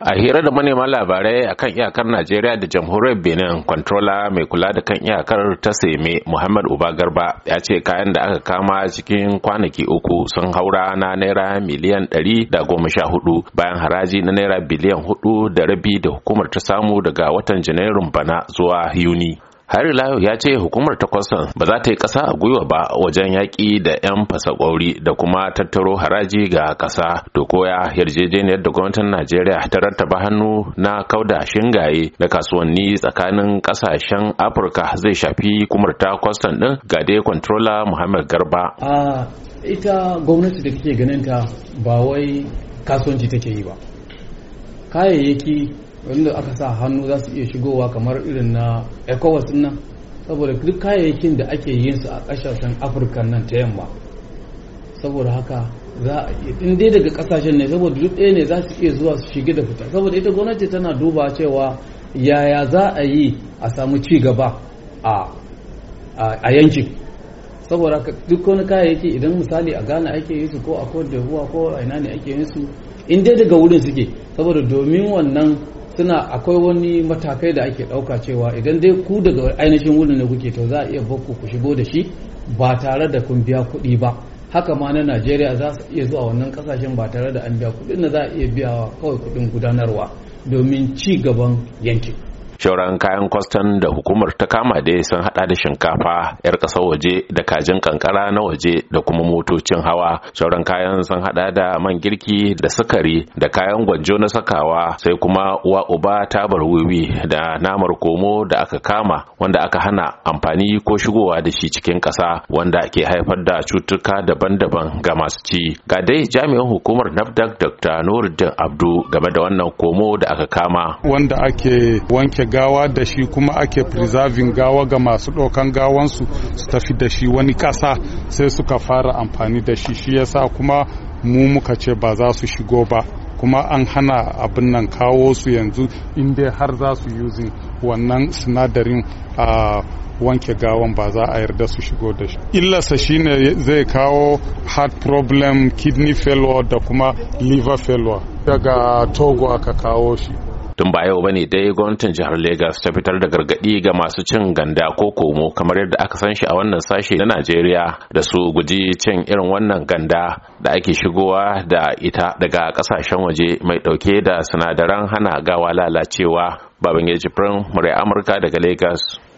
a hira da manema labarai a kan iyakar najeriya da jamhuriyar benin kwantrola mai kula da kan iyakar ta seme muhammad uba garba ya ce kayan da aka kama cikin kwanaki uku sun haura na naira miliyan ɗari da goma sha hudu bayan haraji na naira biliyan hudu da rabi da hukumar ta samu daga watan janairun bana zuwa yuni Harry Layo ya ce hukumar ta kwastan ba za ta yi ƙasa a gwiwa ba wajen yaƙi da 'yan fasakwauri da kuma tattaro haraji ga ƙasa to koya yarjejeniyar da gwamnatin Najeriya ta rattaba hannu na kauda shingaye da kasuwanni tsakanin ƙasashen Afirka zai shafi hukumar ta kwasan din ga dai kwantrola Muhammad Garba. A ita gwamnati da kake ganin ta ba wai kasuwanci take yi ba. Kayayyaki wanda aka sa hannu za su iya shigowa kamar irin na ecowas nan saboda duk kayayyakin da ake yin su a kasashen afirka nan ta yamma saboda haka za a in dai daga kasashen ne saboda duk ɗaya ne za su iya zuwa su shige da fita saboda ita gwamnati tana duba cewa yaya za a yi a samu ci gaba a yanki saboda duk wani kayayyaki idan misali a ghana ake yi su ko a kodewa ko a ina ne ake yin su in dai daga wurin suke saboda domin wannan suna akwai wani matakai da ake ɗauka cewa idan dai ku daga ainihin wurin ne kuke to za a iya bakku ku shigo da shi ba tare da kun biya kuɗi ba haka ma na najeriya za su iya zuwa wannan kasashen ba tare da an biya kuɗin da za a iya biya kawai kuɗin gudanarwa domin ci gaban yankin shauran kayan kwastan da hukumar ta kama da sun hada da shinkafa yar ƙasar waje da kajin kankara na waje da kuma motocin hawa shauran kayan sun hada da man girki da sukari da kayan gwanjo na sakawa sai kuma uwa uba tabar wiwi da namar komo da aka kama wanda aka hana amfani ko shigowa da shi cikin kasa wanda ke haifar da cutuka daban-daban ga masu ci ga dai jami'in hukumar nafdak dr nuruddin abdu game da wannan komo da aka kama wanda ake wanke gawa da shi kuma ake preserving gawa ga masu ɗaukan gawansu su tafi da shi wani ƙasa sai suka fara amfani da shi shi yasa kuma mu muka ce ba za su shigo ba kuma an hana abin nan kawo su yanzu inda har za su using wannan sinadarin a wanke gawan ba za a yarda su shigo da shi shi shine zai kawo heart problem kidney failure da kuma liver failure daga togo aka kawo shi tun ba yau bane dai gwamnatin jihar Legas ta fitar da gargaɗi ga masu cin ganda ko komo kamar yadda aka san shi a wannan sashe na Najeriya da su guji cin irin wannan ganda da ake shigowa da ita daga ƙasashen waje mai ɗauke da sinadaran hana gawa lalacewa yaji Jibrin murai Amurka daga Legas.